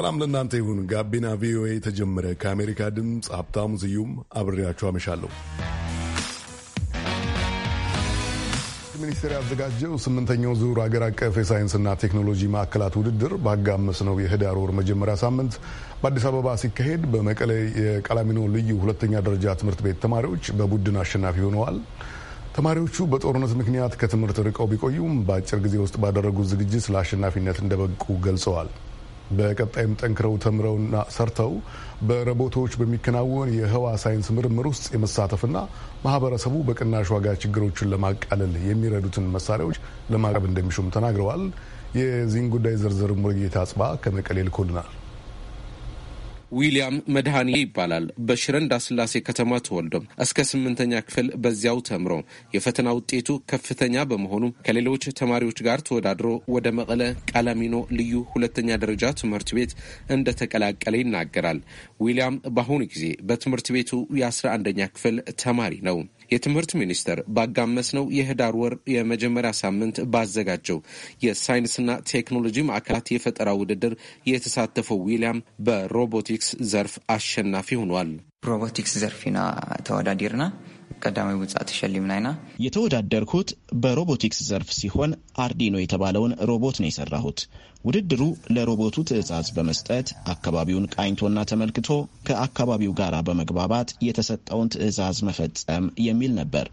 ሰላም ለእናንተ ይሁን። ጋቢና ቪኦኤ የተጀመረ ከአሜሪካ ድምፅ ሀብታሙ ስዩም አብሬያችሁ አመሻለሁ። ሚኒስቴር ያዘጋጀው ስምንተኛው ዙር አገር አቀፍ የሳይንስና ቴክኖሎጂ ማዕከላት ውድድር ነው የህዳር ወር መጀመሪያ ሳምንት በአዲስ አበባ ሲካሄድ በመቀለ የቀላሚኖ ልዩ ሁለተኛ ደረጃ ትምህርት ቤት ተማሪዎች በቡድን አሸናፊ ሆነዋል። ተማሪዎቹ በጦርነት ምክንያት ከትምህርት ርቀው ቢቆዩም በአጭር ጊዜ ውስጥ ባደረጉት ዝግጅት ለአሸናፊነት እንደበቁ ገልጸዋል። በቀጣይም ጠንክረው ተምረውና ሰርተው በረቦቶች በሚከናወን የህዋ ሳይንስ ምርምር ውስጥ የመሳተፍና ማህበረሰቡ በቅናሽ ዋጋ ችግሮችን ለማቃለል የሚረዱትን መሳሪያዎች ለማቅረብ እንደሚሹም ተናግረዋል። የዚህን ጉዳይ ዝርዝር ሙሉጌታ አጽባ ከመቀሌ ልኮልናል። ዊሊያም መድኃኔ ይባላል። በሽረ እንዳስላሴ ከተማ ተወልዶ እስከ ስምንተኛ ክፍል በዚያው ተምሮ የፈተና ውጤቱ ከፍተኛ በመሆኑ ከሌሎች ተማሪዎች ጋር ተወዳድሮ ወደ መቀለ ቃላሚኖ ልዩ ሁለተኛ ደረጃ ትምህርት ቤት እንደተቀላቀለ ይናገራል። ዊሊያም በአሁኑ ጊዜ በትምህርት ቤቱ የአስራ አንደኛ ክፍል ተማሪ ነው። የትምህርት ሚኒስቴር ነው የህዳር ወር የመጀመሪያ ሳምንት ባዘጋጀው የሳይንስና ቴክኖሎጂ ማዕከላት የፈጠራ ውድድር የተሳተፈው ዊሊያም በሮቦቲክስ ዘርፍ አሸናፊ ሆኗል። ሮቦቲክስ ዘርፊና ተወዳዲርና ቀዳማዊ ውፃእ ተሸሊምና ኢና የተወዳደርኩት በሮቦቲክስ ዘርፍ ሲሆን አርዲኖ የተባለውን ሮቦት ነው የሰራሁት። ውድድሩ ለሮቦቱ ትዕዛዝ በመስጠት አካባቢውን ቃኝቶና ተመልክቶ ከአካባቢው ጋር በመግባባት የተሰጠውን ትዕዛዝ መፈጸም የሚል ነበር።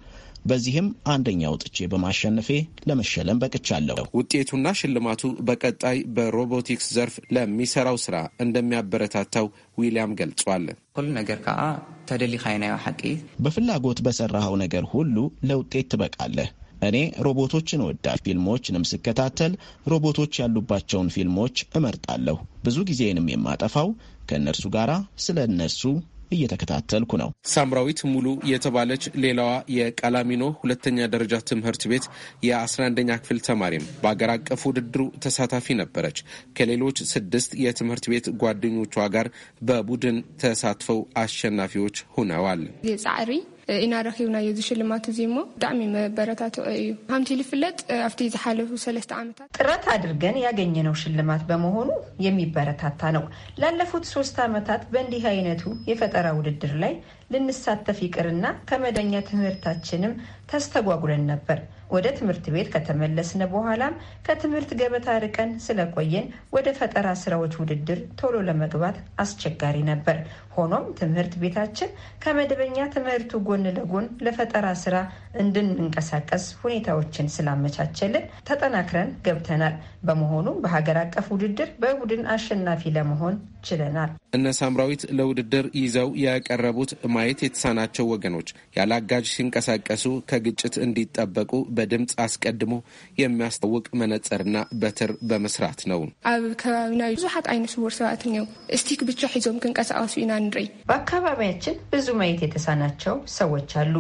በዚህም አንደኛ ወጥቼ በማሸነፌ ለመሸለም በቅቻለሁ። ውጤቱና ሽልማቱ በቀጣይ በሮቦቲክስ ዘርፍ ለሚሰራው ስራ እንደሚያበረታታው ዊልያም ገልጿል። ሁሉ ነገር ከዓ ተደሊኻይናዮ ሓቂ በፍላጎት በሰራኸው ነገር ሁሉ ለውጤት ትበቃለህ። እኔ ሮቦቶችን ወዳል። ፊልሞችንም ስከታተል ሮቦቶች ያሉባቸውን ፊልሞች እመርጣለሁ። ብዙ ጊዜንም የማጠፋው ከእነርሱ ጋር ስለ እነሱ እየተከታተልኩ ነው። ሳምራዊት ሙሉ የተባለች ሌላዋ የቀላሚኖ ሁለተኛ ደረጃ ትምህርት ቤት የ11ኛ ክፍል ተማሪም በአገር አቀፍ ውድድሩ ተሳታፊ ነበረች። ከሌሎች ስድስት የትምህርት ቤት ጓደኞቿ ጋር በቡድን ተሳትፈው አሸናፊዎች ሆነዋል። የጻዕሪ ኢና ረኪብናዮ ዝሽልማት እዚ ሞ ብጣዕሚ መበረታት እዩ ከምቲ ዝፍለጥ ኣብቲ ዝሓለፉ ሰለስተ ዓመታት ጥረት ኣድርገን ያገኘነው ሽልማት በመሆኑ የሚበረታታ ነው። ላለፉት ሶስት ዓመታት በእንዲህ አይነቱ የፈጠራ ውድድር ላይ ልንሳተፍ ይቅርና ከመደኛ ትምህርታችንም ተስተጓጉለን ነበር። ወደ ትምህርት ቤት ከተመለስን በኋላም ከትምህርት ገበታ ርቀን ስለቆየን ወደ ፈጠራ ስራዎች ውድድር ቶሎ ለመግባት አስቸጋሪ ነበር። ሆኖም ትምህርት ቤታችን ከመደበኛ ትምህርቱ ጎን ለጎን ለፈጠራ ስራ እንድንንቀሳቀስ ሁኔታዎችን ስላመቻቸልን ተጠናክረን ገብተናል። በመሆኑም በሀገር አቀፍ ውድድር በቡድን አሸናፊ ለመሆን ችለናል። እነ ሳምራዊት ለውድድር ይዘው ያቀረቡት ማየት የተሳናቸው ወገኖች ያለ አጋዥ ሲንቀሳቀሱ ከግጭት እንዲጠበቁ በድምፅ አስቀድሞ የሚያስታውቅ መነጽርና በትር በመስራት ነው። ኣብ ከባቢና ብዙሓት ዓይነት ስውር ሰባት እኒው እስቲክ ብቻ ሒዞም ክንቀሳቀሱ ኢና ንርኢ። በአካባቢያችን ብዙ ማየት የተሳናቸው ሰዎች አሉ።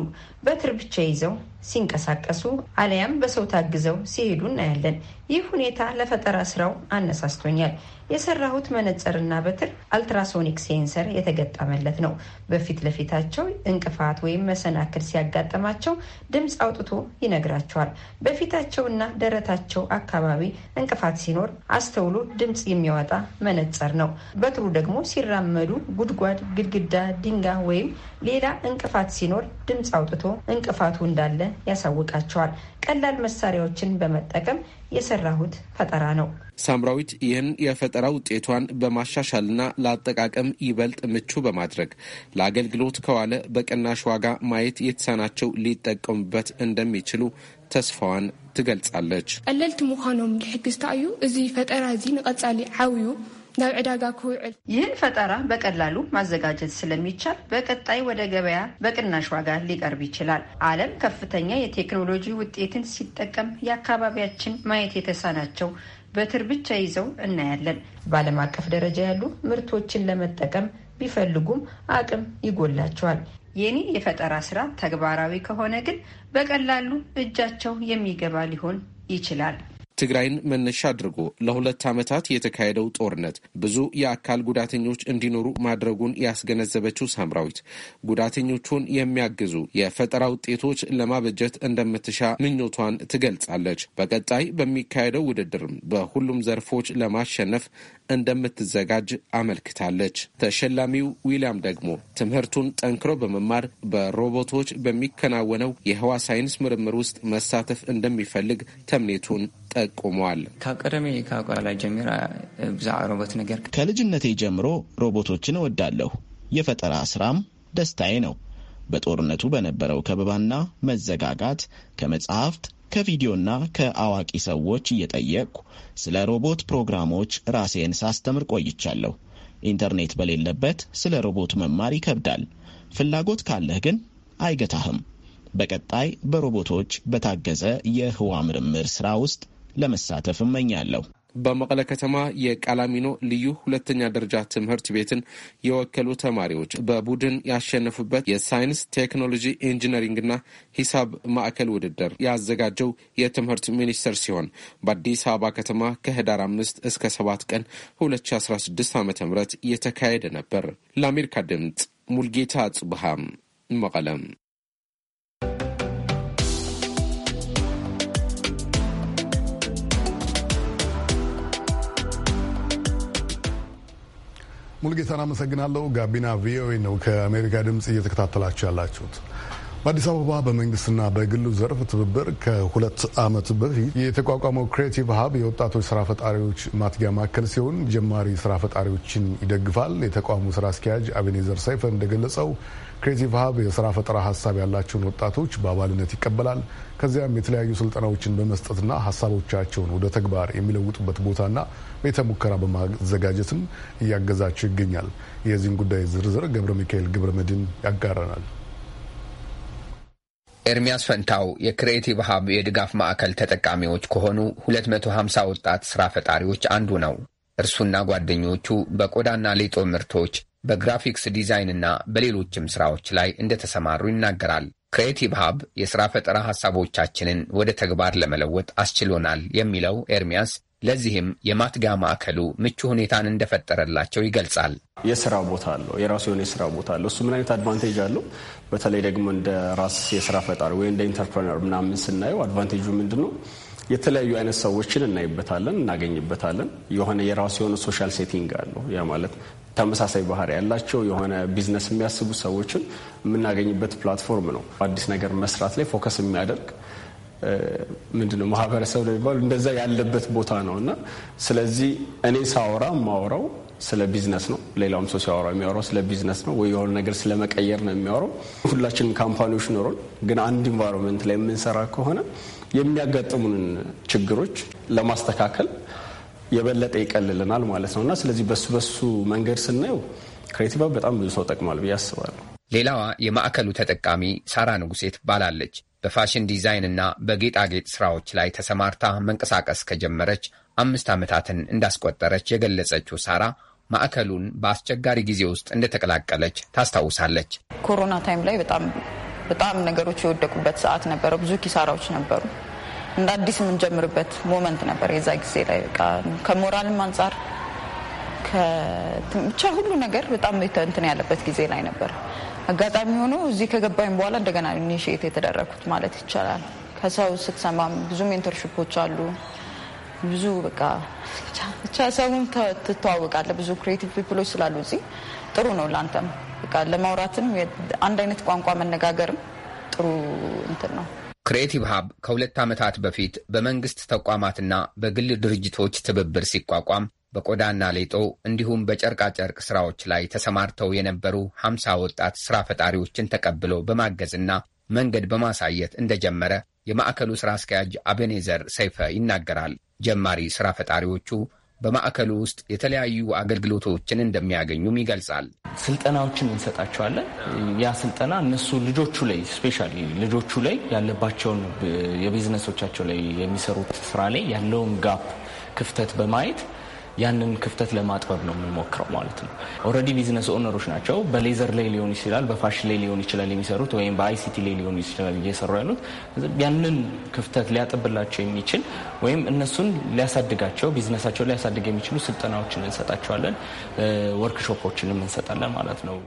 በትር ብቻ ይዘው ሲንቀሳቀሱ አሊያም በሰው ታግዘው ሲሄዱ እናያለን። ይህ ሁኔታ ለፈጠራ ስራው አነሳስቶኛል። የሰራሁት መነጽርና በትር አልትራሶኒክ ሴንሰር የተገጠመለት ነው። በፊት ለፊታቸው እንቅፋት ወይም መሰናክል ሲያጋጠማቸው ድምፅ አውጥቶ ይነግራቸዋል። በፊታቸውና ደረታቸው አካባቢ እንቅፋት ሲኖር አስተውሎ ድምፅ የሚያወጣ መነጽር ነው። በትሩ ደግሞ ሲራመዱ ጉድጓድ፣ ግድግዳ፣ ድንጋይ ወይም ሌላ እንቅፋት ሲኖር ድምፅ አውጥቶ እንቅፋቱ እንዳለ ያሳውቃቸዋል። ቀላል መሳሪያዎችን በመጠቀም የሰራሁት ፈጠራ ነው። ሳምራዊት ይህን የፈጠራ ውጤቷን በማሻሻልና ለአጠቃቀም ይበልጥ ምቹ በማድረግ ለአገልግሎት ከዋለ በቅናሽ ዋጋ ማየት የተሳናቸው ሊጠቀሙበት እንደሚችሉ ተስፋዋን ትገልጻለች። ቀለልቲ ምዃኖም ዝሕግዝታ እዩ እዚ ፈጠራ እዚ ንቀጻሊ ዓብዩ ናብ ዕዳጋ ክውዕል። ይህን ፈጠራ በቀላሉ ማዘጋጀት ስለሚቻል በቀጣይ ወደ ገበያ በቅናሽ ዋጋ ሊቀርብ ይችላል። ዓለም ከፍተኛ የቴክኖሎጂ ውጤትን ሲጠቀም የአካባቢያችን ማየት የተሳናቸው በትር ብቻ ይዘው እናያለን። በዓለም አቀፍ ደረጃ ያሉ ምርቶችን ለመጠቀም ቢፈልጉም አቅም ይጎላቸዋል። የኔ የፈጠራ ስራ ተግባራዊ ከሆነ ግን በቀላሉ እጃቸው የሚገባ ሊሆን ይችላል። ትግራይን መነሻ አድርጎ ለሁለት ዓመታት የተካሄደው ጦርነት ብዙ የአካል ጉዳተኞች እንዲኖሩ ማድረጉን ያስገነዘበችው ሳምራዊት ጉዳተኞቹን የሚያግዙ የፈጠራ ውጤቶች ለማበጀት እንደምትሻ ምኞቷን ትገልጻለች። በቀጣይ በሚካሄደው ውድድርም በሁሉም ዘርፎች ለማሸነፍ እንደምትዘጋጅ አመልክታለች። ተሸላሚው ዊሊያም ደግሞ ትምህርቱን ጠንክሮ በመማር በሮቦቶች በሚከናወነው የህዋ ሳይንስ ምርምር ውስጥ መሳተፍ እንደሚፈልግ ተምኔቱን ጠቁመዋል። ካብ ቀደሜ ካብ ቃላ ጀሚራ ብዛዕባ ሮቦት ነገር ከልጅነቴ ጀምሮ ሮቦቶችን እወዳለሁ። የፈጠራ ስራም ደስታዬ ነው። በጦርነቱ በነበረው ከበባና መዘጋጋት ከመጽሐፍት ከቪዲዮና ከአዋቂ ሰዎች እየጠየቅኩ ስለ ሮቦት ፕሮግራሞች ራሴን ሳስተምር ቆይቻለሁ። ኢንተርኔት በሌለበት ስለ ሮቦት መማር ይከብዳል። ፍላጎት ካለህ ግን አይገታህም። በቀጣይ በሮቦቶች በታገዘ የህዋ ምርምር ሥራ ውስጥ ለመሳተፍ እመኛለሁ። በመቀለ ከተማ የቃላሚኖ ልዩ ሁለተኛ ደረጃ ትምህርት ቤትን የወከሉ ተማሪዎች በቡድን ያሸነፉበት የሳይንስ ቴክኖሎጂ፣ ኢንጂነሪንግና ሂሳብ ማዕከል ውድድር ያዘጋጀው የትምህርት ሚኒስቴር ሲሆን በአዲስ አበባ ከተማ ከህዳር አምስት እስከ ሰባት ቀን 2016 ዓ ም የተካሄደ ነበር። ለአሜሪካ ድምፅ ሙልጌታ ጽብሃም መቀለም ሙልጌታን አመሰግናለሁ። ጋቢና ቪኦኤ ነው ከአሜሪካ ድምፅ እየተከታተላችሁ ያላችሁት። በአዲስ አበባ በመንግስትና በግሉ ዘርፍ ትብብር ከሁለት ዓመት በፊት የተቋቋመው ክሬቲቭ ሀብ የወጣቶች ስራ ፈጣሪዎች ማትጊያ ማዕከል ሲሆን ጀማሪ ስራ ፈጣሪዎችን ይደግፋል። የተቋሙ ስራ አስኪያጅ አቤኔዘር ሰይፈ እንደገለጸው ክሬቲቭ ሀብ የስራ ፈጠራ ሀሳብ ያላቸውን ወጣቶች በአባልነት ይቀበላል። ከዚያም የተለያዩ ስልጠናዎችን በመስጠትና ሀሳቦቻቸውን ወደ ተግባር የሚለውጡበት ቦታና ቤተ ሙከራ በማዘጋጀትም እያገዛቸው ይገኛል። የዚህን ጉዳይ ዝርዝር ገብረ ሚካኤል ግብረ መድን ያጋረናል። ኤርሚያስ ፈንታው የክሬቲቭ ሀብ የድጋፍ ማዕከል ተጠቃሚዎች ከሆኑ 250 ወጣት ስራ ፈጣሪዎች አንዱ ነው። እርሱና ጓደኞቹ በቆዳና ሌጦ ምርቶች በግራፊክስ ዲዛይን እና በሌሎችም ስራዎች ላይ እንደተሰማሩ ይናገራል። ክሬቲቭ ሀብ የሥራ ፈጠራ ሐሳቦቻችንን ወደ ተግባር ለመለወጥ አስችሎናል የሚለው ኤርሚያስ ለዚህም የማትጋ ማዕከሉ ምቹ ሁኔታን እንደፈጠረላቸው ይገልጻል። የስራ ቦታ አለው፣ የራሱ የሆነ የስራ ቦታ አለው። እሱ ምን አይነት አድቫንቴጅ አለው? በተለይ ደግሞ እንደ ራስ የስራ ፈጣሪ ወይ እንደ ኢንተርፕረነር ምናምን ስናየው አድቫንቴጁ ምንድን ነው? የተለያዩ አይነት ሰዎችን እናይበታለን፣ እናገኝበታለን። የሆነ የራሱ የሆነ ሶሻል ሴቲንግ አለው። ያ ማለት ተመሳሳይ ባህሪ ያላቸው የሆነ ቢዝነስ የሚያስቡ ሰዎችን የምናገኝበት ፕላትፎርም ነው። አዲስ ነገር መስራት ላይ ፎከስ የሚያደርግ ምንድነው ማህበረሰብ ለሚባሉ እንደዛ ያለበት ቦታ ነው እና ስለዚህ እኔ ሳወራ ማወራው ስለ ቢዝነስ ነው። ሌላውም ሰው ሲያወራ የሚያወራው ስለ ቢዝነስ ነው ወይ የሆነ ነገር ስለመቀየር ነው የሚያወራው። ሁላችን ካምፓኒዎች ኖሮን ግን አንድ ኢንቫይሮንመንት ላይ የምንሰራ ከሆነ የሚያጋጥሙንን ችግሮች ለማስተካከል የበለጠ ይቀልልናል ማለት ነው እና ስለዚህ በሱ በሱ መንገድ ስናየው ክሬቲቭ ሀብ በጣም ብዙ ሰው ጠቅሟል ብዬ አስባለሁ። ሌላዋ የማዕከሉ ተጠቃሚ ሳራ ንጉሴ ትባላለች። በፋሽን ዲዛይን እና በጌጣጌጥ ስራዎች ላይ ተሰማርታ መንቀሳቀስ ከጀመረች አምስት ዓመታትን እንዳስቆጠረች የገለጸችው ሳራ ማዕከሉን በአስቸጋሪ ጊዜ ውስጥ እንደተቀላቀለች ታስታውሳለች። ኮሮና ታይም ላይ በጣም በጣም ነገሮች የወደቁበት ሰዓት ነበረ። ብዙ ኪሳራዎች ነበሩ። እንደ አዲስ የምንጀምርበት ሞመንት ነበር የዛ ጊዜ ላይ በቃ ከሞራልም አንጻር ብቻ ሁሉ ነገር በጣም እንትን ያለበት ጊዜ ላይ ነበር። አጋጣሚ ሆኖ እዚህ ከገባኝ በኋላ እንደገና ኢኒሽት የተደረኩት ማለት ይቻላል። ከሰው ስትሰማም ብዙ ሜንተርሽፖች አሉ። ብዙ በቃ ብቻ ሰውም ትተዋወቃለህ። ብዙ ክሬቲቭ ፒፕሎች ስላሉ እዚህ ጥሩ ነው ለአንተም በቃ ለማውራትም አንድ አይነት ቋንቋ መነጋገርም ጥሩ እንትን ነው። ክሬቲቭ ሀብ ከሁለት ዓመታት በፊት በመንግሥት ተቋማትና በግል ድርጅቶች ትብብር ሲቋቋም በቆዳና ሌጦ እንዲሁም በጨርቃጨርቅ ሥራዎች ላይ ተሰማርተው የነበሩ ሐምሳ ወጣት ሥራ ፈጣሪዎችን ተቀብሎ በማገዝና መንገድ በማሳየት እንደጀመረ የማዕከሉ ሥራ አስኪያጅ አቤኔዘር ሰይፈ ይናገራል። ጀማሪ ሥራ ፈጣሪዎቹ በማዕከሉ ውስጥ የተለያዩ አገልግሎቶችን እንደሚያገኙም ይገልጻል። ስልጠናዎችን እንሰጣቸዋለን። ያ ስልጠና እነሱ ልጆቹ ላይ ስፔሻሊ ልጆቹ ላይ ያለባቸውን የቢዝነሶቻቸው ላይ የሚሰሩት ስራ ላይ ያለውን ጋፕ ክፍተት በማየት ያንን ክፍተት ለማጥበብ ነው የምንሞክረው ማለት ነው። ኦልሬዲ ቢዝነስ ኦነሮች ናቸው። በሌዘር ላይ ሊሆን ይችላል፣ በፋሽን ላይ ሊሆን ይችላል የሚሰሩት ወይም በአይሲቲ ላይ ሊሆን ይችላል እየሰሩ ያሉት ያንን ክፍተት ሊያጠብላቸው የሚችል ወይም እነሱን ሊያሳድጋቸው ቢዝነሳቸውን ሊያሳድግ የሚችሉ ስልጠናዎችን እንሰጣቸዋለን፣ ወርክሾፖችንም እንሰጣለን ማለት ነው።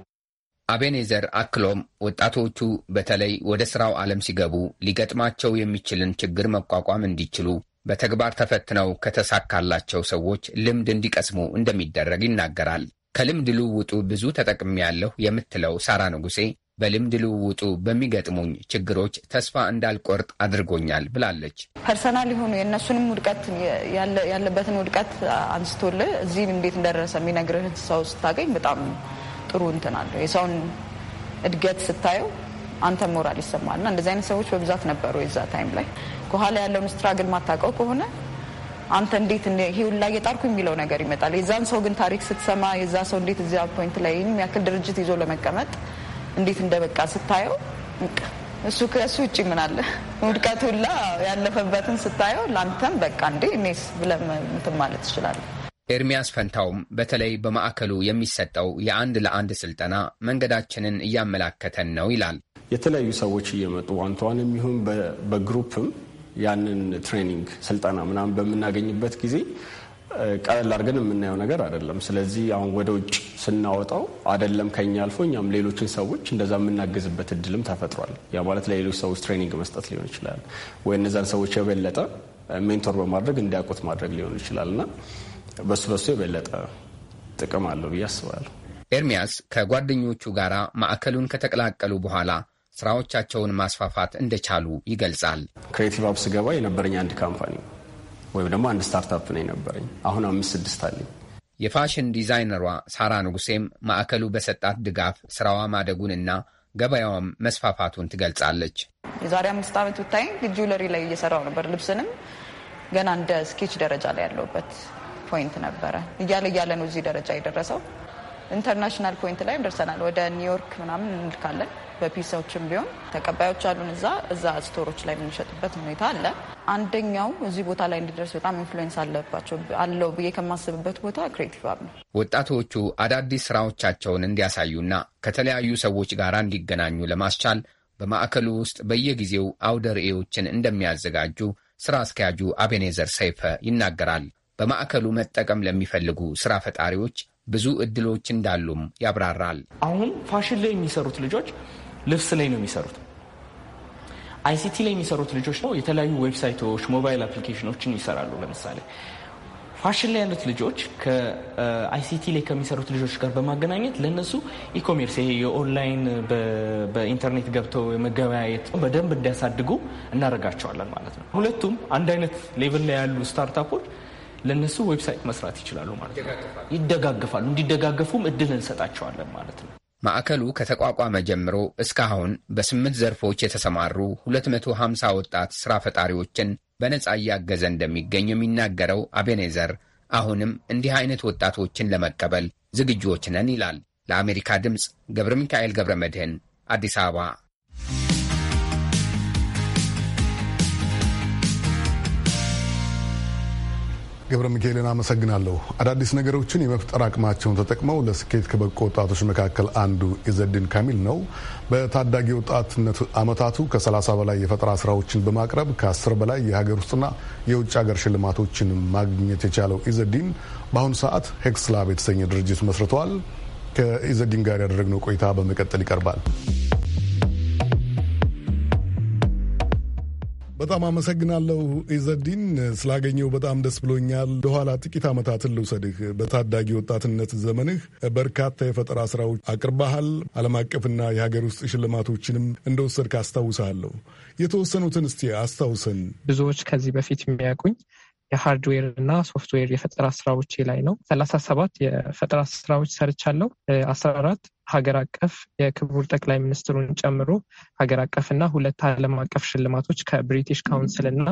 አቤኔዘር አክሎም ወጣቶቹ በተለይ ወደ ስራው ዓለም ሲገቡ ሊገጥማቸው የሚችልን ችግር መቋቋም እንዲችሉ በተግባር ተፈትነው ከተሳካላቸው ሰዎች ልምድ እንዲቀስሙ እንደሚደረግ ይናገራል። ከልምድ ልውውጡ ብዙ ተጠቅሜያለሁ የምትለው ሳራ ንጉሴ በልምድ ልውውጡ በሚገጥሙኝ ችግሮች ተስፋ እንዳልቆርጥ አድርጎኛል ብላለች። ፐርሰናል የሆኑ የእነሱንም ውድቀት ያለበትን ውድቀት አንስቶልህ እዚህም እንዴት እንደደረሰ የሚነግርህ ሰው ስታገኝ በጣም ጥሩ እንትን አለው። የሰውን እድገት ስታየው አንተ ሞራል ይሰማልና እንደዚህ አይነት ሰዎች በብዛት ነበሩ የዛ ታይም ላይ ከኋላ ያለውን ስትራግል ማታውቀው ከሆነ አንተ እንዴት ይሄ ሁላ የጣርኩ የሚለው ነገር ይመጣል። የዛን ሰው ግን ታሪክ ስትሰማ የዛ ሰው እንዴት እዚያ ፖይንት ላይ ይህን ያክል ድርጅት ይዞ ለመቀመጥ እንዴት እንደበቃ ስታየው እሱ ከእሱ ውጭ ምን አለ ውድቀት ሁላ ያለፈበትን ስታየው ለአንተም በቃ እንዴ እኔስ ብለህ እንትን ማለት ትችላለህ። ኤርሚያስ ፈንታውም በተለይ በማዕከሉ የሚሰጠው የአንድ ለአንድ ስልጠና መንገዳችንን እያመላከተን ነው ይላል። የተለያዩ ሰዎች እየመጡ ዋንተዋን የሚሆን በግሩፕም ያንን ትሬኒንግ ስልጠና ምናምን በምናገኝበት ጊዜ ቀለል አድርገን የምናየው ነገር አይደለም። ስለዚህ አሁን ወደ ውጭ ስናወጣው አይደለም ከኛ አልፎ እኛም ሌሎችን ሰዎች እንደዛ የምናግዝበት እድልም ተፈጥሯል። ያ ማለት ለሌሎች ሰዎች ትሬኒንግ መስጠት ሊሆን ይችላል ወይ እነዛን ሰዎች የበለጠ ሜንቶር በማድረግ እንዲያውቁት ማድረግ ሊሆን ይችላል እና በሱ በሱ የበለጠ ጥቅም አለው ብዬ አስባለሁ። ኤርሚያስ ከጓደኞቹ ጋር ማዕከሉን ከተቀላቀሉ በኋላ ስራዎቻቸውን ማስፋፋት እንደቻሉ ይገልጻል። ክሬቲቭ አፕ ስገባ የነበረኝ አንድ ካምፓኒ ወይም ደግሞ አንድ ስታርታፕ ነው የነበረኝ። አሁን አምስት ስድስት አለኝ። የፋሽን ዲዛይነሯ ሳራ ንጉሴም ማዕከሉ በሰጣት ድጋፍ ስራዋ ማደጉንና ገበያዋም መስፋፋቱን ትገልጻለች። የዛሬ አምስት ዓመት ብታይ ጁለሪ ላይ እየሰራው ነበር። ልብስንም ገና እንደ ስኬች ደረጃ ላይ ያለውበት ፖይንት ነበረ። እያለ እያለ ነው እዚህ ደረጃ የደረሰው። ኢንተርናሽናል ፖይንት ላይም ደርሰናል። ወደ ኒውዮርክ ምናምን እንልካለን። በፒሳዎችም ቢሆን ተቀባዮች አሉን። እዛ እዛ ስቶሮች ላይ የምንሸጥበት ሁኔታ አለ። አንደኛው እዚህ ቦታ ላይ እንዲደርስ በጣም ኢንፍሉዌንስ አለባቸው አለው ብዬ ከማስብበት ቦታ ክሬቲቭ ሀብ ነው። ወጣቶቹ አዳዲስ ስራዎቻቸውን እንዲያሳዩና ከተለያዩ ሰዎች ጋር እንዲገናኙ ለማስቻል በማዕከሉ ውስጥ በየጊዜው አውደ ርዕዮችን እንደሚያዘጋጁ ስራ አስኪያጁ አቤኔዘር ሰይፈ ይናገራል። በማዕከሉ መጠቀም ለሚፈልጉ ስራ ፈጣሪዎች ብዙ እድሎች እንዳሉም ያብራራል። አሁን ፋሽን ላይ የሚሰሩት ልጆች ልብስ ላይ ነው የሚሰሩት። አይሲቲ ላይ የሚሰሩት ልጆች ነው የተለያዩ ዌብሳይቶች፣ ሞባይል አፕሊኬሽኖችን ይሰራሉ። ለምሳሌ ፋሽን ላይ ያሉት ልጆች ከአይሲቲ ላይ ከሚሰሩት ልጆች ጋር በማገናኘት ለእነሱ ኢኮሜርስ ይሄ የኦንላይን በኢንተርኔት ገብተው የመገበያየት በደንብ እንዲያሳድጉ እናደርጋቸዋለን ማለት ነው። ሁለቱም አንድ አይነት ሌቭል ላይ ያሉ ስታርታፖች ለእነሱ ዌብሳይት መስራት ይችላሉ ማለት ነው። ይደጋግፋሉ። እንዲደጋገፉም እድል እንሰጣቸዋለን ማለት ነው። ማዕከሉ ከተቋቋመ ጀምሮ እስካሁን በስምንት ዘርፎች የተሰማሩ 250 ወጣት ሥራ ፈጣሪዎችን በነጻ እያገዘ እንደሚገኝ የሚናገረው አቤኔዘር አሁንም እንዲህ አይነት ወጣቶችን ለመቀበል ዝግጁዎች ነን ይላል። ለአሜሪካ ድምፅ ገብረ ሚካኤል ገብረ መድህን አዲስ አበባ ገብረ ሚካኤልን አመሰግናለሁ። አዳዲስ ነገሮችን የመፍጠር አቅማቸውን ተጠቅመው ለስኬት ከበቁ ወጣቶች መካከል አንዱ ኢዘዲን ካሚል ነው። በታዳጊ ወጣትነት አመታቱ ከ30 በላይ የፈጠራ ስራዎችን በማቅረብ ከ10 በላይ የሀገር ውስጥና የውጭ ሀገር ሽልማቶችን ማግኘት የቻለው ኢዘዲን በአሁኑ ሰዓት ሄክስላብ የተሰኘ ድርጅት መስርተዋል። ከኢዘዲን ጋር ያደረግነው ቆይታ በመቀጠል ይቀርባል። በጣም አመሰግናለሁ ኢዘዲን፣ ስላገኘው በጣም ደስ ብሎኛል። ደኋላ ጥቂት ዓመታትን ልውሰድህ። በታዳጊ ወጣትነት ዘመንህ በርካታ የፈጠራ ስራዎች አቅርባሃል። ዓለም አቀፍና የሀገር ውስጥ ሽልማቶችንም እንደወሰድክ አስታውሳለሁ። የተወሰኑትን እስቲ አስታውሰን። ብዙዎች ከዚህ በፊት የሚያውቁኝ የሃርድዌር እና ሶፍትዌር የፈጠራ ስራዎቼ ላይ ነው። ሰላሳ ሰባት የፈጠራ ስራዎች ሰርቻለሁ። አስራ አራት ሀገር አቀፍ የክቡር ጠቅላይ ሚኒስትሩን ጨምሮ ሀገር አቀፍ እና ሁለት ዓለም አቀፍ ሽልማቶች ከብሪቲሽ ካውንስል እና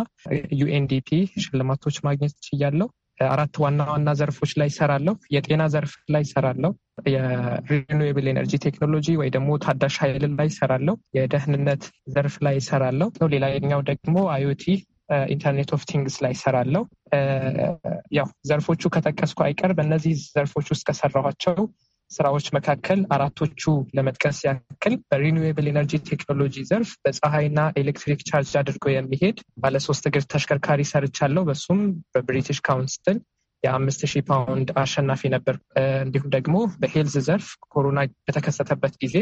ዩኤንዲፒ ሽልማቶች ማግኘት ችያለው። አራት ዋና ዋና ዘርፎች ላይ ይሰራለሁ። የጤና ዘርፍ ላይ ይሰራለሁ። የሪኒዌብል ኤነርጂ ቴክኖሎጂ ወይ ደግሞ ታዳሽ ኃይል ላይ ይሰራለሁ። የደህንነት ዘርፍ ላይ ይሰራለው። ሌላኛው ደግሞ አዮቲ ኢንተርኔት ኦፍ ቲንግስ ላይ ይሰራለሁ። ያው ዘርፎቹ ከጠቀስኩ አይቀር በእነዚህ ዘርፎች ውስጥ ከሰራኋቸው ስራዎች መካከል አራቶቹ ለመጥቀስ ያክል በሪኒዌብል ኤነርጂ ቴክኖሎጂ ዘርፍ በፀሐይና ኤሌክትሪክ ቻርጅ አድርጎ የሚሄድ ባለሶስት እግር ተሽከርካሪ ሰርቻለሁ። በሱም በብሪቲሽ ካውንስል የአምስት ሺህ ፓውንድ አሸናፊ ነበር። እንዲሁም ደግሞ በሄልዝ ዘርፍ ኮሮና በተከሰተበት ጊዜ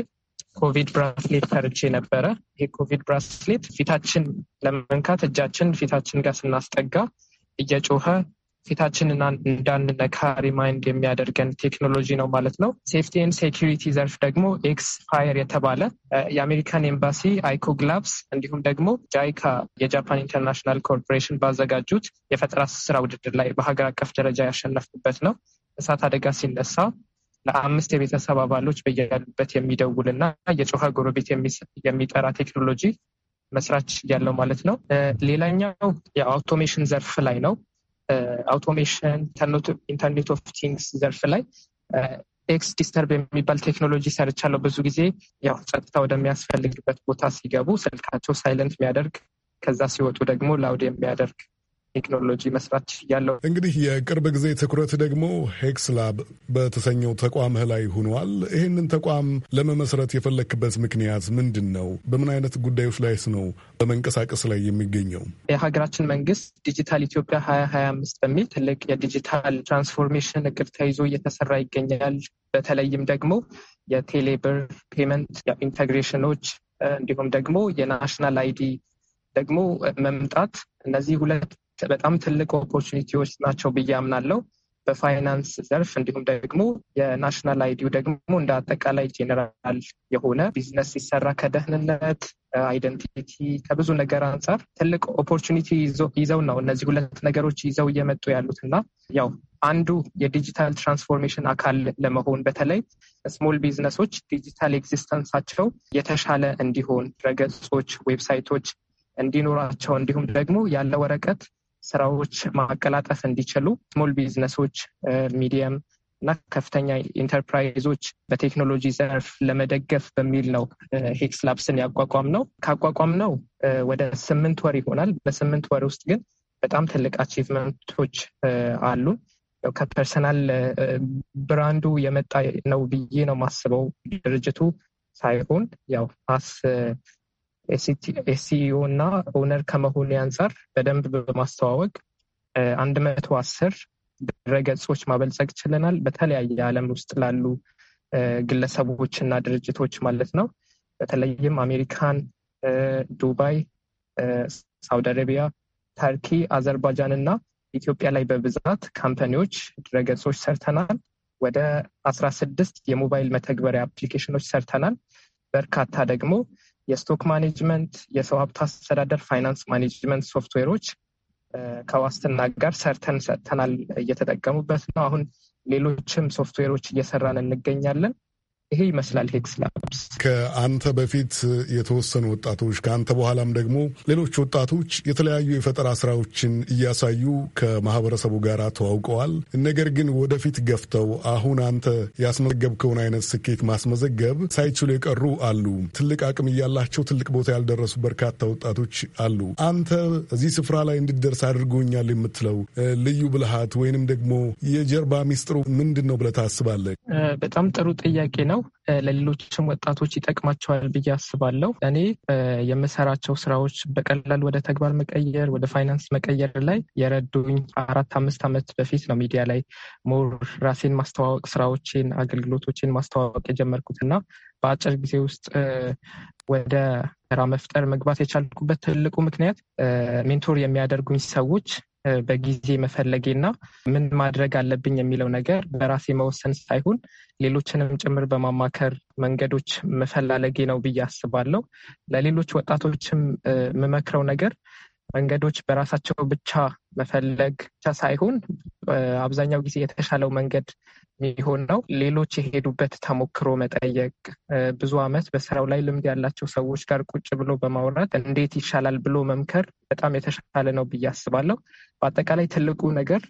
ኮቪድ ብራስሌት ተርቼ ነበረ። ይሄ ኮቪድ ብራስሌት ፊታችን ለመንካት እጃችን ፊታችን ጋር ስናስጠጋ እየጮኸ ፊታችንን እንዳንነካ ሪማይንድ የሚያደርገን ቴክኖሎጂ ነው ማለት ነው። ሴፍቲን ሴኪሪቲ ዘርፍ ደግሞ ኤክስፓየር የተባለ የአሜሪካን ኤምባሲ ግላብስ እንዲሁም ደግሞ ጃይካ የጃፓን ኢንተርናሽናል ኮርፖሬሽን ባዘጋጁት የፈጠራ ስራ ውድድር ላይ በሀገር አቀፍ ደረጃ ያሸነፍበት ነው። እሳት አደጋ ሲነሳ ለአምስት የቤተሰብ አባሎች በያሉበት የሚደውል እና የጮኸ ጎረቤት የሚጠራ ቴክኖሎጂ መስራች ያለው ማለት ነው። ሌላኛው የአውቶሜሽን ዘርፍ ላይ ነው። አውቶሜሽን ኢንተርኔት ኦፍ ቲንግስ ዘርፍ ላይ ኤክስ uh, ዲስተርብ የሚባል ቴክኖሎጂ ሰርቻለሁ። ብዙ ጊዜ ያው ጸጥታ ወደሚያስፈልግበት ቦታ ሲገቡ ስልካቸው ሳይለንት የሚያደርግ ከዛ ሲወጡ ደግሞ ላውድ የሚያደርግ ቴክኖሎጂ መስራት ችያለሁ። እንግዲህ የቅርብ ጊዜ ትኩረት ደግሞ ሄክስ ላብ በተሰኘው ተቋምህ ላይ ሆኗል። ይህንን ተቋም ለመመስረት የፈለክበት ምክንያት ምንድን ነው? በምን አይነት ጉዳዮች ላይስ ነው በመንቀሳቀስ ላይ የሚገኘው? የሀገራችን መንግስት ዲጂታል ኢትዮጵያ ሀያ ሀያ አምስት በሚል ትልቅ የዲጂታል ትራንስፎርሜሽን እቅድ ተይዞ እየተሰራ ይገኛል። በተለይም ደግሞ የቴሌብር ፔመንት ኢንተግሬሽኖች እንዲሁም ደግሞ የናሽናል አይዲ ደግሞ መምጣት እነዚህ ሁለት በጣም ትልቅ ኦፖርቹኒቲዎች ናቸው ብዬ አምናለሁ። በፋይናንስ ዘርፍ እንዲሁም ደግሞ የናሽናል አይዲው ደግሞ እንደ አጠቃላይ ጄኔራል የሆነ ቢዝነስ ሲሰራ ከደህንነት አይደንቲቲ፣ ከብዙ ነገር አንጻር ትልቅ ኦፖርቹኒቲ ይዘው ነው እነዚህ ሁለት ነገሮች ይዘው እየመጡ ያሉት እና ያው አንዱ የዲጂታል ትራንስፎርሜሽን አካል ለመሆን በተለይ ስሞል ቢዝነሶች ዲጂታል ኤግዚስተንሳቸው የተሻለ እንዲሆን ድረገጾች፣ ዌብሳይቶች እንዲኖራቸው እንዲሁም ደግሞ ያለ ወረቀት ስራዎች ማቀላጠፍ እንዲችሉ ስሞል ቢዝነሶች፣ ሚዲየም እና ከፍተኛ ኢንተርፕራይዞች በቴክኖሎጂ ዘርፍ ለመደገፍ በሚል ነው ሄክስ ላብስን ያቋቋም ነው። ካቋቋም ነው ወደ ስምንት ወር ይሆናል። በስምንት ወር ውስጥ ግን በጣም ትልቅ አቺቭመንቶች አሉ። ከፐርሰናል ብራንዱ የመጣ ነው ብዬ ነው ማስበው ድርጅቱ ሳይሆን ያው አስ ኤስሲኦ እና ኦነር ከመሆን አንጻር በደንብ በማስተዋወቅ አንድ መቶ አስር ድረገጾች ማበልጸግ ችለናል። በተለያየ ዓለም ውስጥ ላሉ ግለሰቦች እና ድርጅቶች ማለት ነው። በተለይም አሜሪካን፣ ዱባይ፣ ሳውዲ አረቢያ፣ ተርኪ፣ አዘርባጃን እና ኢትዮጵያ ላይ በብዛት ካምፓኒዎች ድረገጾች ሰርተናል። ወደ አስራ ስድስት የሞባይል መተግበሪያ አፕሊኬሽኖች ሰርተናል። በርካታ ደግሞ የስቶክ ማኔጅመንት፣ የሰው ሀብት አስተዳደር፣ ፋይናንስ ማኔጅመንት ሶፍትዌሮች ከዋስትና ጋር ሰርተን ሰጥተናል፣ እየተጠቀሙበት ነው። አሁን ሌሎችም ሶፍትዌሮች እየሰራን እንገኛለን። ይሄ ይመስላል ሄክስ ላብስ። ከአንተ በፊት የተወሰኑ ወጣቶች ከአንተ በኋላም ደግሞ ሌሎች ወጣቶች የተለያዩ የፈጠራ ስራዎችን እያሳዩ ከማህበረሰቡ ጋር ተዋውቀዋል። ነገር ግን ወደፊት ገፍተው አሁን አንተ ያስመዘገብከውን አይነት ስኬት ማስመዘገብ ሳይችሉ የቀሩ አሉ። ትልቅ አቅም እያላቸው ትልቅ ቦታ ያልደረሱ በርካታ ወጣቶች አሉ። አንተ እዚህ ስፍራ ላይ እንድደርስ አድርጎኛል የምትለው ልዩ ብልሃት ወይንም ደግሞ የጀርባ ሚስጥሩ ምንድን ነው ብለህ ታስባለህ? በጣም ጥሩ ጥያቄ ነው። ለሌሎችም ወጣቶች ይጠቅማቸዋል ብዬ አስባለሁ። እኔ የምሰራቸው ስራዎች በቀላል ወደ ተግባር መቀየር፣ ወደ ፋይናንስ መቀየር ላይ የረዱኝ አራት አምስት ዓመት በፊት ነው ሚዲያ ላይ ሞር ራሴን ማስተዋወቅ ስራዎችን አገልግሎቶችን ማስተዋወቅ የጀመርኩት እና በአጭር ጊዜ ውስጥ ወደ ስራ መፍጠር መግባት የቻልኩበት ትልቁ ምክንያት ሜንቶር የሚያደርጉኝ ሰዎች በጊዜ መፈለጌና ምን ማድረግ አለብኝ የሚለው ነገር በራሴ መወሰን ሳይሆን ሌሎችንም ጭምር በማማከር መንገዶች መፈላለጌ ነው ብዬ አስባለሁ። ለሌሎች ወጣቶችም የምመክረው ነገር መንገዶች በራሳቸው ብቻ መፈለግ ብቻ ሳይሆን አብዛኛው ጊዜ የተሻለው መንገድ የሚሆን ነው። ሌሎች የሄዱበት ተሞክሮ መጠየቅ፣ ብዙ ዓመት በስራው ላይ ልምድ ያላቸው ሰዎች ጋር ቁጭ ብሎ በማውራት እንዴት ይሻላል ብሎ መምከር በጣም የተሻለ ነው ብዬ አስባለሁ። በአጠቃላይ ትልቁ ነገር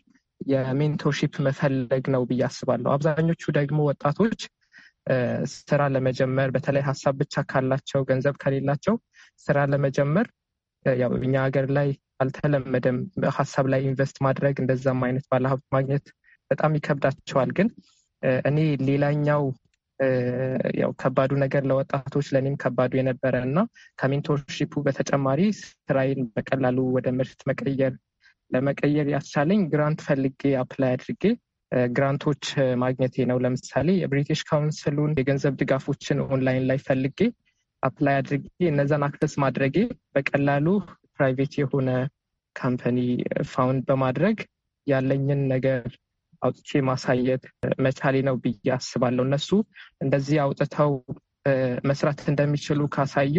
የሜንቶርሺፕ መፈለግ ነው ብዬ አስባለሁ። አብዛኞቹ ደግሞ ወጣቶች ስራ ለመጀመር በተለይ ሀሳብ ብቻ ካላቸው ገንዘብ ከሌላቸው ስራ ለመጀመር ያው እኛ ሀገር ላይ አልተለመደም። ሀሳብ ላይ ኢንቨስት ማድረግ እንደዛም አይነት ባለሀብት ማግኘት በጣም ይከብዳቸዋል። ግን እኔ ሌላኛው ያው ከባዱ ነገር ለወጣቶች ለእኔም ከባዱ የነበረ እና ከሜንቶርሺፑ በተጨማሪ ስራዬን በቀላሉ ወደ ምርት መቀየር ለመቀየር ያስቻለኝ ግራንት ፈልጌ አፕላይ አድርጌ ግራንቶች ማግኘቴ ነው። ለምሳሌ የብሪቲሽ ካውንስሉን የገንዘብ ድጋፎችን ኦንላይን ላይ ፈልጌ አፕላይ አድርጌ እነዛን አክሰስ ማድረጌ በቀላሉ ፕራይቬት የሆነ ካምፓኒ ፋውንድ በማድረግ ያለኝን ነገር አውጥቼ ማሳየት መቻሌ ነው ብዬ አስባለሁ። እነሱ እንደዚህ አውጥተው መስራት እንደሚችሉ ካሳዩ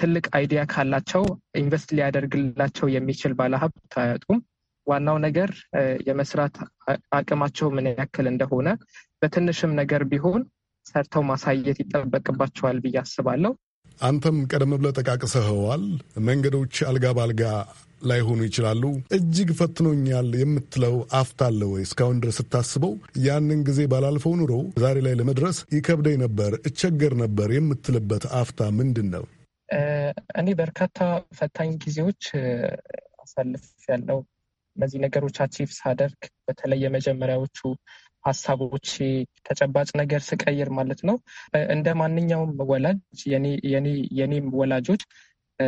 ትልቅ አይዲያ ካላቸው ኢንቨስት ሊያደርግላቸው የሚችል ባለሀብት አያጡም። ዋናው ነገር የመስራት አቅማቸው ምን ያክል እንደሆነ በትንሽም ነገር ቢሆን ሰርተው ማሳየት ይጠበቅባቸዋል ብዬ አስባለሁ። አንተም ቀደም ብለህ ጠቃቅሰኸዋል። መንገዶች አልጋ በአልጋ ላይሆኑ ይችላሉ። እጅግ ፈትኖኛል የምትለው አፍታ አለ ወይ? እስካሁን ድረስ ስታስበው ያንን ጊዜ ባላልፈው ኑሮ ዛሬ ላይ ለመድረስ ይከብደኝ ነበር፣ እቸገር ነበር የምትልበት አፍታ ምንድን ነው? እኔ በርካታ ፈታኝ ጊዜዎች አሳልፍ ያለው እነዚህ ነገሮች አቺቭ ሳደርግ በተለይ የመጀመሪያዎቹ ሀሳቦች ተጨባጭ ነገር ስቀይር ማለት ነው እንደ ማንኛውም ወላጅ የኔም ወላጆች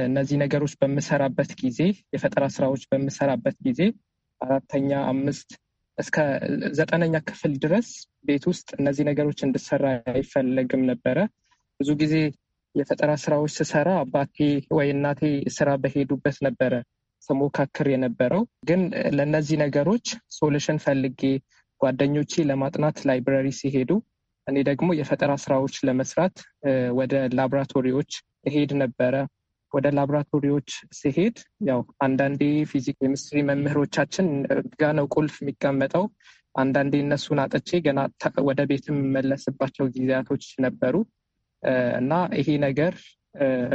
እነዚህ ነገሮች በምሰራበት ጊዜ የፈጠራ ስራዎች በምሰራበት ጊዜ አራተኛ አምስት እስከ ዘጠነኛ ክፍል ድረስ ቤት ውስጥ እነዚህ ነገሮች እንድሰራ አይፈለግም ነበረ። ብዙ ጊዜ የፈጠራ ስራዎች ስሰራ አባቴ ወይ እናቴ ስራ በሄዱበት ነበረ ስሞካክር የነበረው። ግን ለእነዚህ ነገሮች ሶሉሽን ፈልጌ ጓደኞቼ ለማጥናት ላይብረሪ ሲሄዱ እኔ ደግሞ የፈጠራ ስራዎች ለመስራት ወደ ላብራቶሪዎች እሄድ ነበረ። ወደ ላብራቶሪዎች ሲሄድ ያው አንዳንዴ ፊዚክ ኬሚስትሪ መምህሮቻችን ጋ ነው ቁልፍ የሚቀመጠው። አንዳንዴ እነሱን አጥቼ ገና ወደ ቤት የምመለስባቸው ጊዜያቶች ነበሩ እና ይሄ ነገር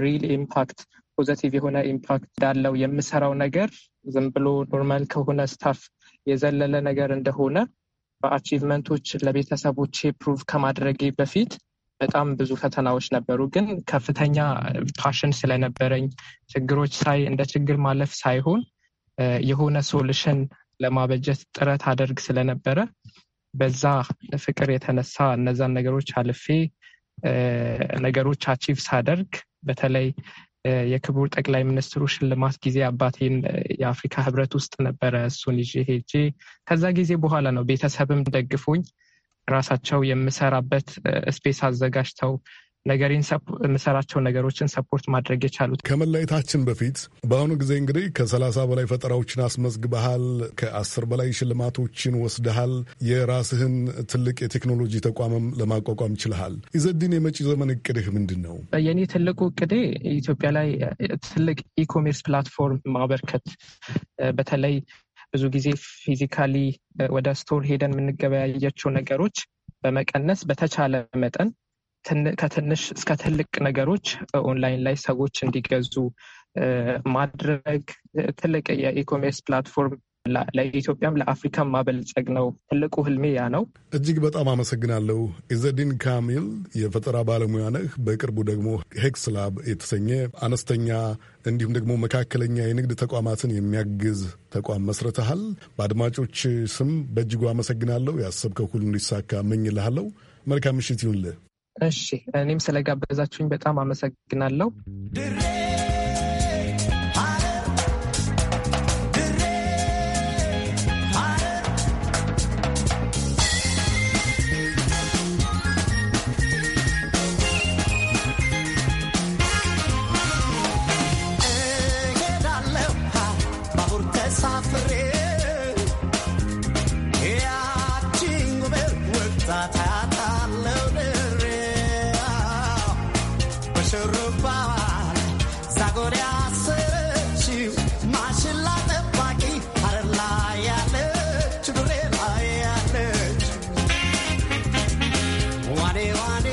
ሪል ኢምፓክት ፖዘቲቭ የሆነ ኢምፓክት እንዳለው የምሰራው ነገር ዝም ብሎ ኖርማል ከሆነ ስታፍ የዘለለ ነገር እንደሆነ አቺቭመንቶች ለቤተሰቦቼ ፕሩቭ ከማድረጌ በፊት በጣም ብዙ ፈተናዎች ነበሩ። ግን ከፍተኛ ፓሽን ስለነበረኝ ችግሮች ሳይ እንደ ችግር ማለፍ ሳይሆን የሆነ ሶሉሽን ለማበጀት ጥረት አደርግ ስለነበረ በዛ ፍቅር የተነሳ እነዛን ነገሮች አልፌ ነገሮች አቺቭ ሳደርግ በተለይ የክቡር ጠቅላይ ሚኒስትሩ ሽልማት ጊዜ አባቴን የአፍሪካ ህብረት ውስጥ ነበረ እሱን ይዤ ሄጄ ከዛ ጊዜ በኋላ ነው ቤተሰብም ደግፎኝ ራሳቸው የምሰራበት ስፔስ አዘጋጅተው ነገሬን የምሰራቸውን ነገሮችን ሰፖርት ማድረግ የቻሉት። ከመለየታችን በፊት በአሁኑ ጊዜ እንግዲህ ከሰላሳ በላይ ፈጠራዎችን አስመዝግበሃል። ከአስር በላይ ሽልማቶችን ወስደሃል። የራስህን ትልቅ የቴክኖሎጂ ተቋምም ለማቋቋም ችልሃል። ኢዘዲን የመጪ ዘመን እቅድህ ምንድን ነው? የእኔ ትልቁ እቅዴ ኢትዮጵያ ላይ ትልቅ ኢኮሜርስ ፕላትፎርም ማበርከት በተለይ ብዙ ጊዜ ፊዚካሊ ወደ ስቶር ሄደን የምንገበያያቸው ነገሮች በመቀነስ በተቻለ መጠን ከትንሽ እስከ ትልቅ ነገሮች ኦንላይን ላይ ሰዎች እንዲገዙ ማድረግ ትልቅ የኢኮሜርስ ፕላትፎርም ለኢትዮጵያም ለአፍሪካም ማበልጸግ ነው። ትልቁ ህልሜ ያ ነው። እጅግ በጣም አመሰግናለሁ። ኢዘዲን ካሚል የፈጠራ ባለሙያ ነህ። በቅርቡ ደግሞ ሄክስ ላብ የተሰኘ አነስተኛ እንዲሁም ደግሞ መካከለኛ የንግድ ተቋማትን የሚያግዝ ተቋም መስርተሃል። በአድማጮች ስም በእጅጉ አመሰግናለሁ። ያሰብከው ሁሉ እንዲሳካ እመኝልሃለሁ። መልካም ምሽት ይሁንልህ። እሺ፣ እኔም ስለጋበዛችሁኝ በጣም አመሰግናለሁ። ሽሩባዋል ዛጎሪያ ስረችው ማሽላ ጠባቂ አረላ ያለች ዱሬ ላይ ዋኔ ዋኔ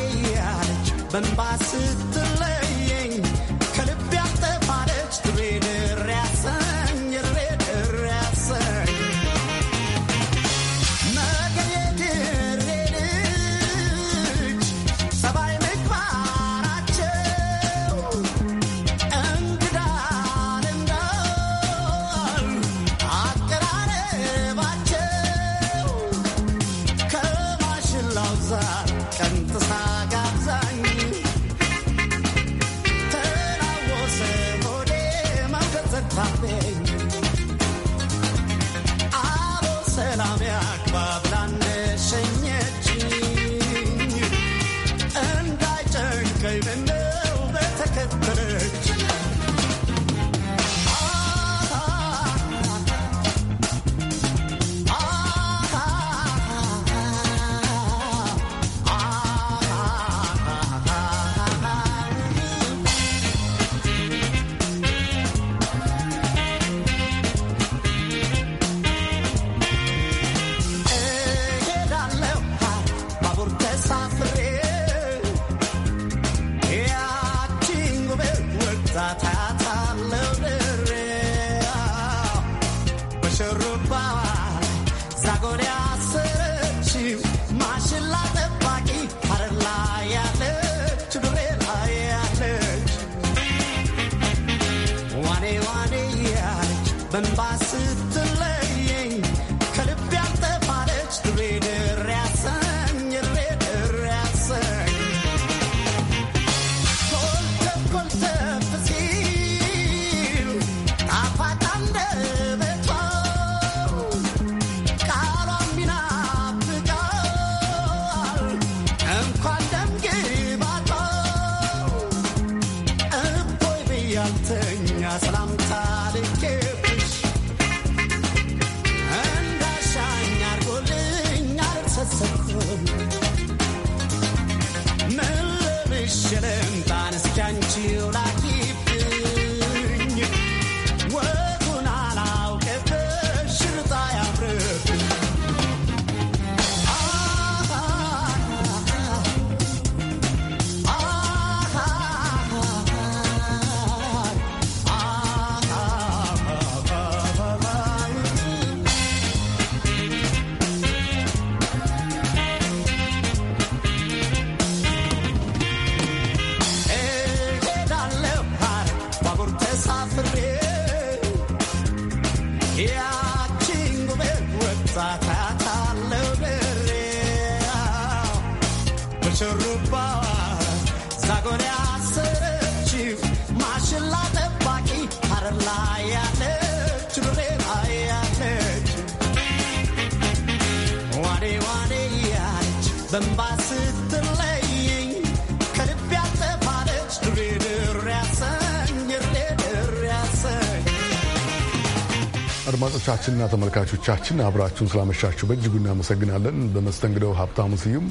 አድማጮቻችንና ተመልካቾቻችን አብራችሁን ስላመሻችሁ በእጅጉ እናመሰግናለን። በመስተንግደው ሀብታሙ ስዩም፣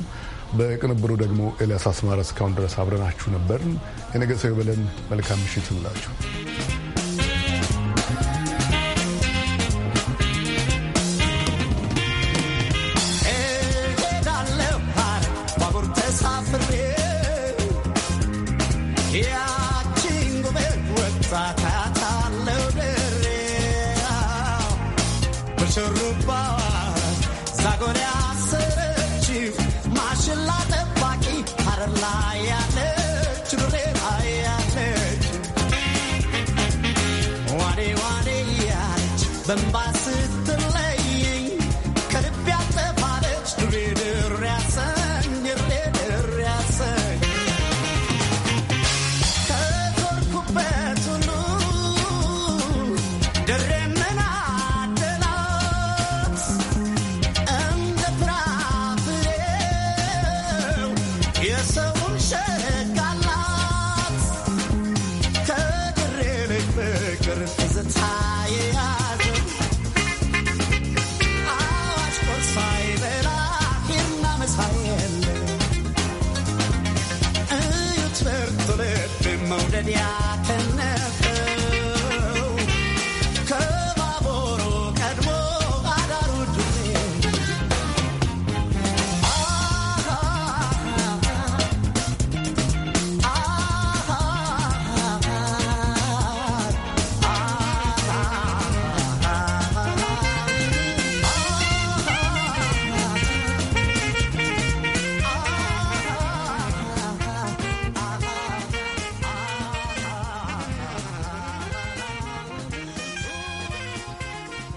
በቅንብሩ ደግሞ ኤልያስ አስማረ። እስካሁን ድረስ አብረናችሁ ነበርን። የነገ ሰው ይበለን። መልካም ምሽት እንላችሁ። Bye.